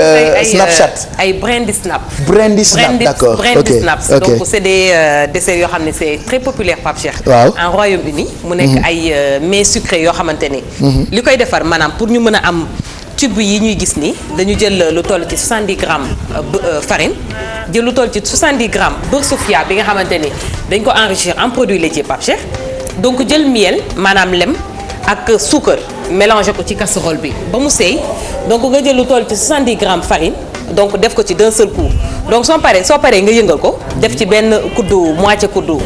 Euh, Snapchat euh, ay Brandy Snap. Brandy Snap d'accord Brandy Snap donc c'est des euh, desserts yoo xam ne c'est très populaire Pape Cheikh. waaw en Royaume-Uni. mu nekk mhm. ay mets sucrés yoo xamante ni mhm. li koy defar maanaam pour ñu mën a am. tube yi ñuy gis nii dañu jël lu toll ci 70 grammes farine jël lu toll ci 70 grammes beurre sofia bi nga xamante ni dañ ko enrichir en produit laitier Pape Cheikh donc jël miel maanaam lem ak suukar mélangé ko ci casserole bi ba mu seey donc nga jël lu toll ci 70 grammes farine donc def ko ci d'un seul coup donc soo paree soo paree nga yëngal ko def ci benn kuddu moitié kuddu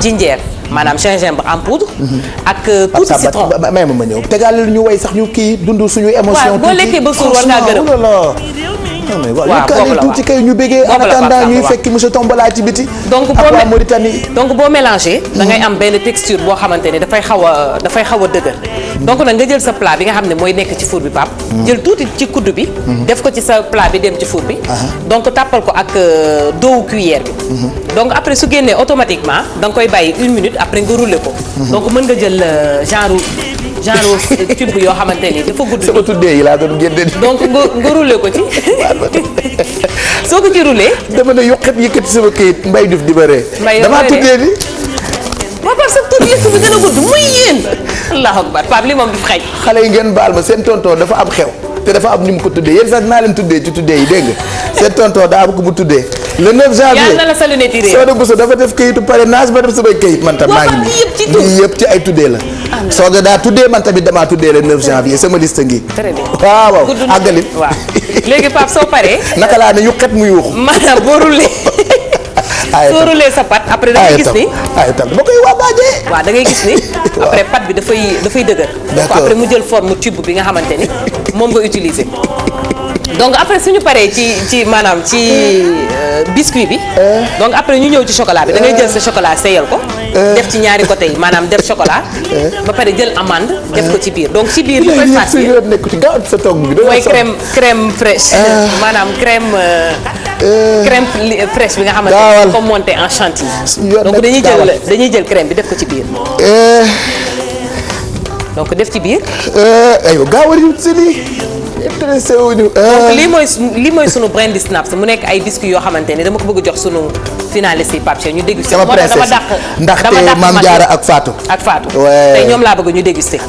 jinjeer maanaam gingembre en poudre. ak tuuti citron. may ma ma ñëw tegalal ñu way sax ñu kii dund suñu émotion. tuuti waaw boo lekkee ba suur war ngaa gërëm waaw foofu la waaw kay ñu bëggee en attendant ñuy fekki monsieur Tombola ci biti. donc boo ak waa mélangé. da ngay hmm. am benn texture boo xamante ni dafay xaw a dafay xaw a dëgër. Hmm. donc nag nga jël sa plat bi nga xam ne mooy nekk ci four bi pap hmm. jël tuuti ci kuddu bi. def ko ci sa plat bi dem ci four bi. donc tàppal ko ak euh, doowu cuillère bi. donc après su génnee automatiquement da nga koy bàyyi une minute après nga rouler ko. donc mën nga jël euh, genre. genre tube yoo xamante ni dafa gudd. sama tuddee yi laa doon génne. donc nga nga roulé ko ci. soo ko ci roulé. dama ne yokkat yëkkati sama këyit mbay duf di ba ree. mbay dama tuddee ni. bi gën a gudd muy yéen. allahu akbar Pape li moom du xëy. xale yi ngeen baal ma seen tonton dafa am xew. te dafa am ni mu ko tuddee yéen sax naa leen tuddee ci tuddee yi dégg nga seen tonton daa am ko mu tuddee. le 9 janvier yàlla la sa lunette yi réer Soda Bousso dafa def kayitu def samay kayit man tam maa ngi nii lii yëpp ci ay tuddee la Soda daa tuddee man tamit damaa tuddee le 9 janvier sama liste ngi waaw waaw àggalin waaw léegi laa ne mu yuuxu maanaam boo rulee soo rulee sa pat après da ngay gis ni ay da ngay gis ni après pat bi dafay dafay dëgër après mu jël form tube bi nga xamante ni moom nga utiliser donc après suñu paree ci ci maanaam ci biscuit bi. donc après ñu ñëw ci chocolat bi da jël sa chocolat seeyal ko. def ci ñaari côté yi maanaam def chocolat. ba pare jël amande. def ko ci biir donc ci biir. li koy fàtte mooy crème crème fraîche. Ah. maanaam crème. Euh, euh. crème fraîche bi nga xam ne comme monté en chantilly. donc dañuy jël dañuy jël crème bi def ko ci biir. Euh. donc def ci biir. Euh, gaaw a riw si lii. e wu ñu. Euh. donc lii mooy lii mooy sunu brandy snaps mu nekk ay biscuits yoo xamante ni dama ko bëgg jox sunu finaliste yi Pape Cheikh ñu dégusté. sama princesse dama dàq ndaxte Maam Jaara ak Fatou. ak Fatou tey ñoom laa bëgg ñu dégusté.